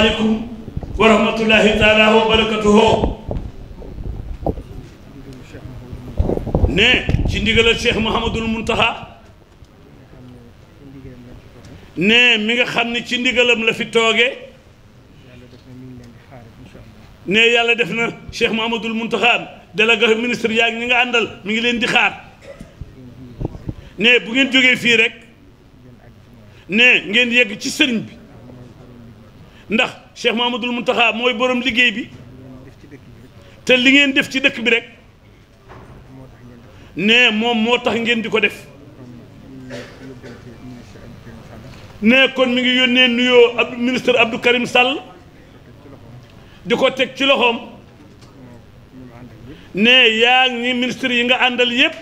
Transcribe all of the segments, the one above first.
asalaamaaleykum wa rahmatullahi taala wa barakatuhu ne ci ndigalal cheikh Mouhamadul Muntaha ne mi nga xam ne ci ndigalam la fi tooge ne yàlla def na cheikh Mouhamadul Muntaha délégué ministre yaa ngi ñi nga àndal mi ngi leen di xaar ne bu ngeen jógee fii rek ne ngeen yegg ci sëriñ bi. ndax Cheikh Mamadul Muntaxa mooy boroom liggéey bi te li ngeen def ci dëkk bi rek ne moom moo tax ngeen di ko def ne kon mu ngi yónnee nuyoo ab ministre Abdou Karim Sall di ko teg ci loxoom ne yaa ngi ministre yi nga àndal yépp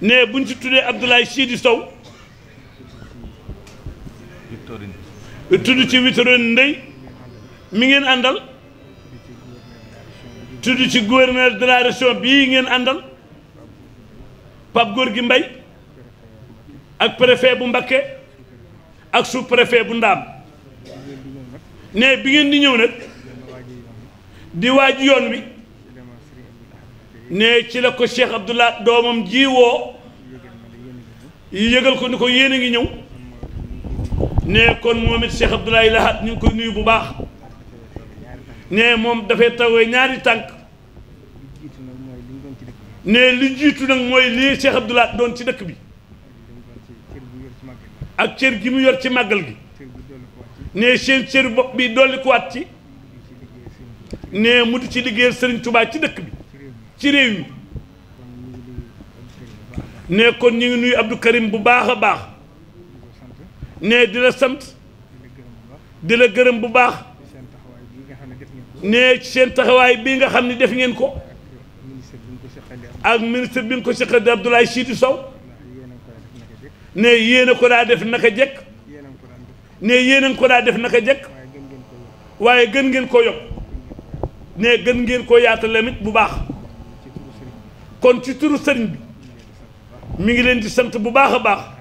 ne buñ ci tuddee Abdoulaye Sidi Sow. Victorine tudd ci Victorine Ndeye mi ngeen àndal tudd ci gouverneur de la région bii ngeen àndal góor gi mbay ak préfet bu Mbacké ak sous préfet bu Ndaam ne bi ngeen di ñëw nag di waaj yoon wi ne ci la ko Cheikh Abdoulaye doomam ji woo yëgal ko ni ko yéen a ngi ñëw ne kon moom it Cheikh Abdoulaye Lahat ñu ngi koy nuyu bu baax ne moom dafay tawee ñaari tànk ne li jiitu nag mooy lii Cheikh Abdoulaye doon ci dëkk bi ak cër gi mu yor ci màggal gi ne seen cër bopp bi dolli kuwaat ci ne mu di ci liggéeyal Serigne Touba ci dëkk bi ci réew yi ne kon ñu ngi nuyu Abdou Karim bu baax a baax ne dina la sant di gërëm bu baax ne nga xam nee ci seen taxawaay bii nga xam ne def ngeen ko ak ministre bi nga ko seqal di Abdoulaye Sidy Sow ne yéen a ko daa def naka jekk ne yéen a ko daa def naka jekk waaye gën ngeen ko yokk ne gën ngeen ko yaatal tamit bu baax kon ci turu sëriñ bi mi ngi leen di sant bu baax a baax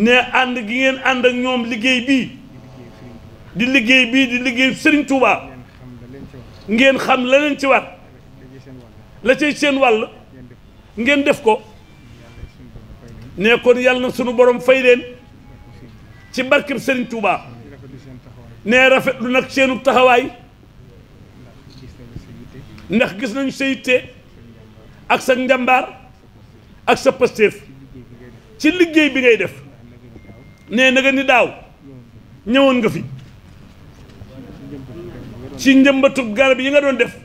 ne ànd gi ngeen ànd ak ñoom liggéey bii di liggéey bii di liggéey sëriñ Touba ngeen xam leneen leen ci war la cay seen wàll ngeen def ko ne kon yàlla na sunu borom fay leen ci barkeb Serigne Touba ne rafetlu nag seenu taxawaay ndax gis nañu sa yitte ak sa njàmbaar ak sa pasteef ci liggéey bi ngay def nee na nga ni daaw ñëwoon nga fi ci njëmbatub garab yi nga doon def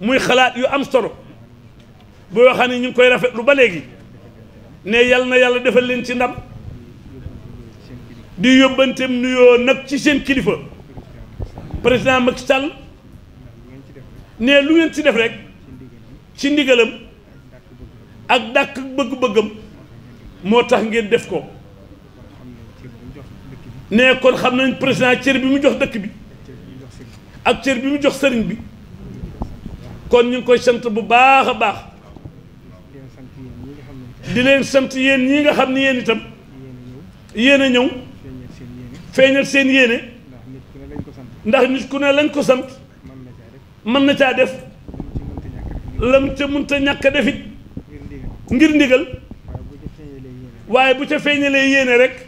muy xalaat yu am solo boo xam ne ñu ngi koy rafetlu ba léegi ne yal na yàlla defal leen ci ndam di yóbbanteem nuyoo nag ci seen kilifa président Macky Sall ne lu ngeen ci def rek ci ndigalam ak dàkk bëgg-bëggam moo tax ngeen def ko ne kon xam nañ président cër bi mu jox dëkk bi ak cër bi mu jox sëriñ bi kon ñu ngi koy sant bu baax a baax di leen sant yéen ñii nga xam ne yéen itam yéen a ñëw feeñal seen yéene ndax nit ku ne lañ ko sant mën na caa def lam ca munta ñàkk defit ngir ndigal waaye bu ca feeñalee yéene rek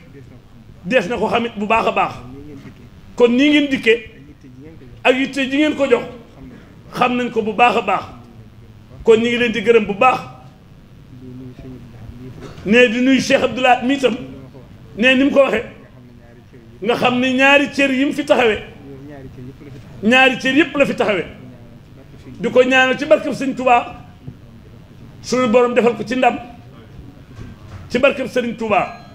dees na ko xamit bu baax a baax kon nii ngeen dikkee ak yitte ji ngeen ko jox xam nañ ko bu baax a baax kon ñu ngi leen di gërëm bu baax ne di nuyu Cheikh Abdoulaye mi itam ne ni mu ko waxee nga xam ne ñaari cër yi mu fi taxawee ñaari cër yëpp la fi taxawee di ko ñaanal ci barkeb sëñ Touba suñu borom defal ko ci ndam ci barkeb sëriñ tubaa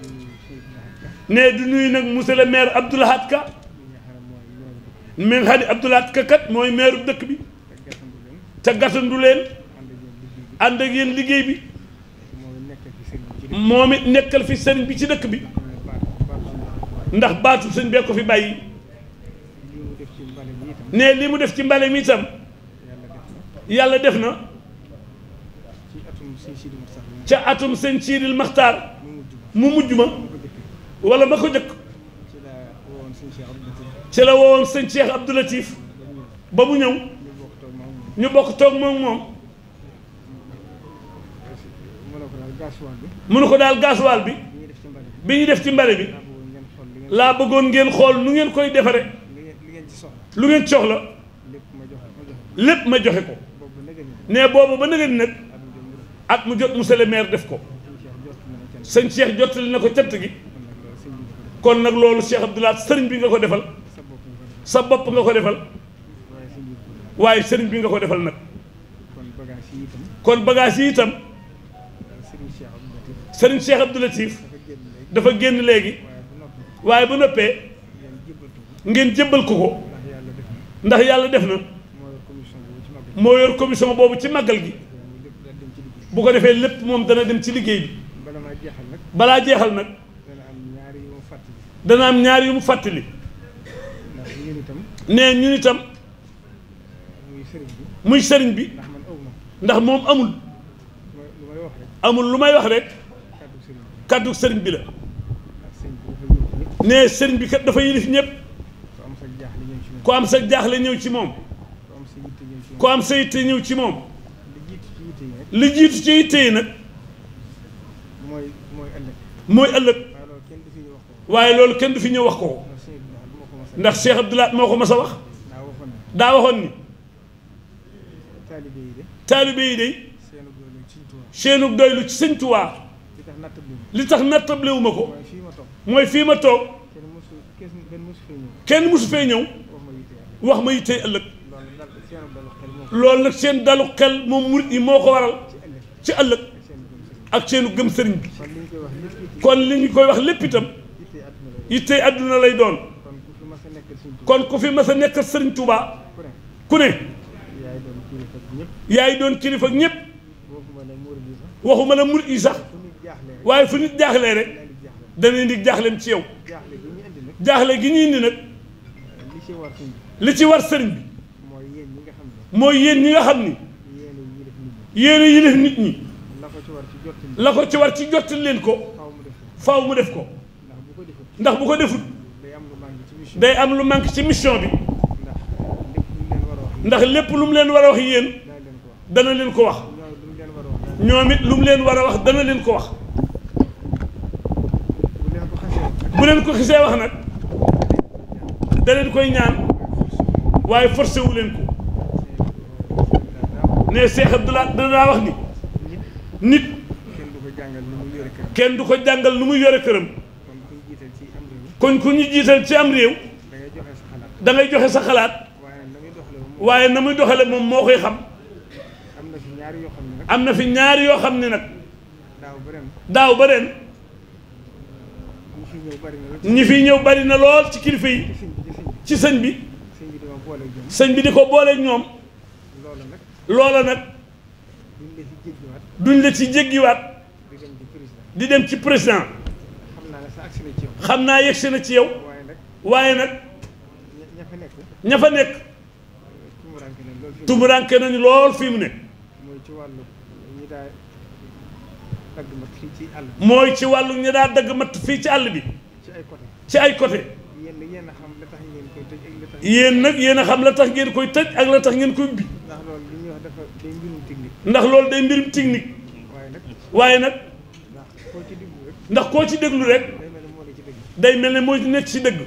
ne du nuyu nag monsieur le maire Abdou Lahad Ka mi kat mooy maire dëkk bi ca gasandu leen ànd ak yéen liggéey bi moom it nekkal fi sëriñ bi ci dëkk bi ndax baatu sëñ bee ko fi bàyyi ne li mu def ci mbali mi itam yàlla def na ca atum sëñ Siidil Maxtaar mu mujj ma wala ma ko njëkk ci la woowoon sëñ Cheikh Abdou Latif ba mu ñëw ñu bokk toog moom moom mënu ko daal gaasuwaal bi bi ñu def ci mbale bi laa bëggoon ngeen xool nu ngeen koy defare lu ngeen la lépp ma joxe ko ne boobu ba nëgën nag at mu jot monsieur le maire def ko sëñ Cheikh jottali na ko cant gi kon nag loolu Cheikh Abdou sëriñ bi nga ko defal sa bopp nga ko defal waaye sëriñ bi nga ko defal nag kon bagage yi itam sëriñ Cheikh Abdou Latif dafa génn léegi waaye bu noppee ngeen jébbal ko ko ndax yàlla def na moo yor commission boobu ci màggal gi bu ko defee lépp moom dana dem ci liggéey bi balaa jeexal nag dana am ñaar yu mu fàttali nee ñun itam muy sëriñ bi ndax moom amul amul lu may wax rek kàddu sëriñ bi la nee sëriñ bi kat dafa yilif ñëpp ku am sa jaaxle ñëw ci moom ku am sa yitte ñëw ci moom li jiitu ci yitte yi nag mooy ëllëg mooy ëllëg waaye loolu kenn du fi ñëw wax ko ndax Cheikh Abdoulaye moo ko mas a wax daa waxoon ni taalibe yi de seenug doylu ci sëñ Tuubaa li tax nattable wu ma ko mooy fii ma toog kenn mosu fee ñëw wax ma yittee ëllëg loolu nag seen dalu xel moom murit yi moo ko waral ci ëllëg ak seenu gëm sëriñ bi kon li ñu koy wax lépp itam yittey àdduna lay doon kon ku fi mas a nekk sëriñ Touba ku ne yaay doon kilifa ak ñëpp waxuma la murid yi sax waaye fu nit jaaxlee rek dana indi jaaxleem ci yow jaaxle gi ñuy indi nag li ci war sëriñ bi mooy yéen ñi nga xam ni yéen yilif nit ñi la ko ci war ci jottali leen ko faw mu def ko ndax bu ko defut day am lu manque ci mission bi ndax lépp lu mu leen war a wax yéen dana leen ko wax ñoom it lu mu leen war a wax dana leen ko wax bu leen ko xisee wax nag da leen koy ñaan waaye forcé wu leen ko ne Cheikh Abdoulaye danaa wax ni nit kenn du ko jàngal lu muy yore këram kon ku ñu jiital ci am réew da ngay joxe sa xalaat waaye na muy doxale moom moo koy xam am na fi ñaari yoo xam ne nag daaw ba ren ñi fi ñëw bari na lool ci kilifa yi ci sëñ bi sëñ bi di ko booleeg ñoom loola nag duñ la ci jéggiwaat di dem ci président xam naa yegsi na ci yow waaye nag ña fa nekk nekk tumuranke nañu lool fii mu ne mooy ci wàllu ñi daa dagg matt fii ci àll bi ci ay côté yéen nag yéen a xam la tax ngeen koy tëj ak la tax ngeen koy ubbi ndax loolu day mbirum technique waaye nag ndax koo ci déglu rek day mel ne mooy nekk ci dëgg.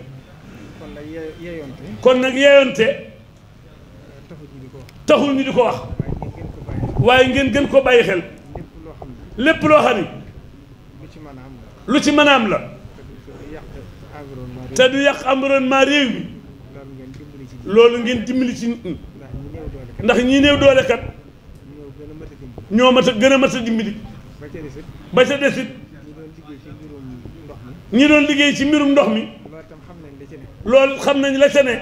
kon nag yeeyonte. kon nag yeeyonte taxul ñu di ko wax. waaye ngeen gën ko bàyyi xel. lépp loo xam ne. lu ci mën a am la. te du yàq environnement réew mi. loolu ngeen dimbali ci nit ñi. ndax ñi néew doole kat. ñoo mat a gën a mat a dimbali. ba ca desit. ñi doon liggéey ci mbirum ndox mi loolu xam nañ la ca ne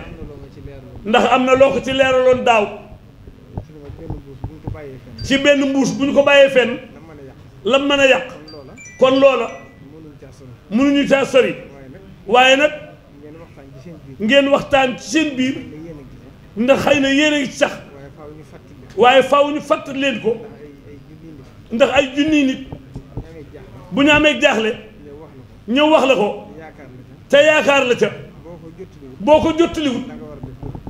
ndax am na loo ko ci leeraloon daaw ci benn mbuus bu ñu ko bàyyee fenn lam mën a yàq kon loola mënuñu caa sori waaye nag ngeen waxtaan ci seen biir ndax xëy na yéen a ngi sax waaye faw ñu fàttali leen ko ndax ay junniy nit bu ñu amee jaaxle. ñëw wax la ko ca yaakaar la ca boo ko jottaliwut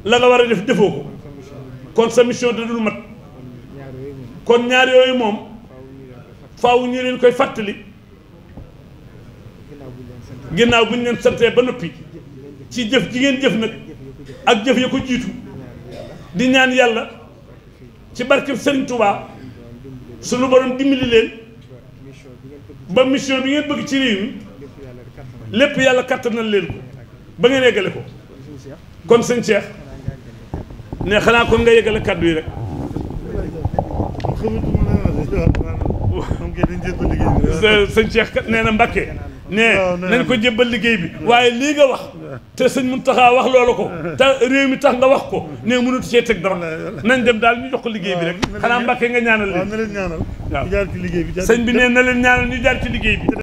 la nga war a def defoo ko kon sa mission da dul mat kon ñaar yooyu moom faw ñu leen koy fàttali ginnaaw bu ñu leen santee ba noppi ci jëf ji ngeen jëf nag ak jëf ya ko jiitu di ñaan yàlla ci barkeb Serigne Touba sunu borom dimbali leen ba mission bi ngeen bëgg ci réew mi lépp yàlla kattanal leen ko ba ngeen yeggale ko kon sëñ Cheikh ne xanaa kon nga yeggale kàddu yi rek. sëñ Cheikh kat nee na Mbacke oh, nee nañ ko jébbal liggéey bi waaye lii nga wax te sëñ Mountakha wax loolu ko te réew mi tax nga wax ko nee mënut cee teg dara nañ dem daal ñu jox ko liggéey bi rek oh, xanaa Mbacke nga ñaanal leen oh, waaw bi nee na leen ñaanal ñu jaar ci liggéey bi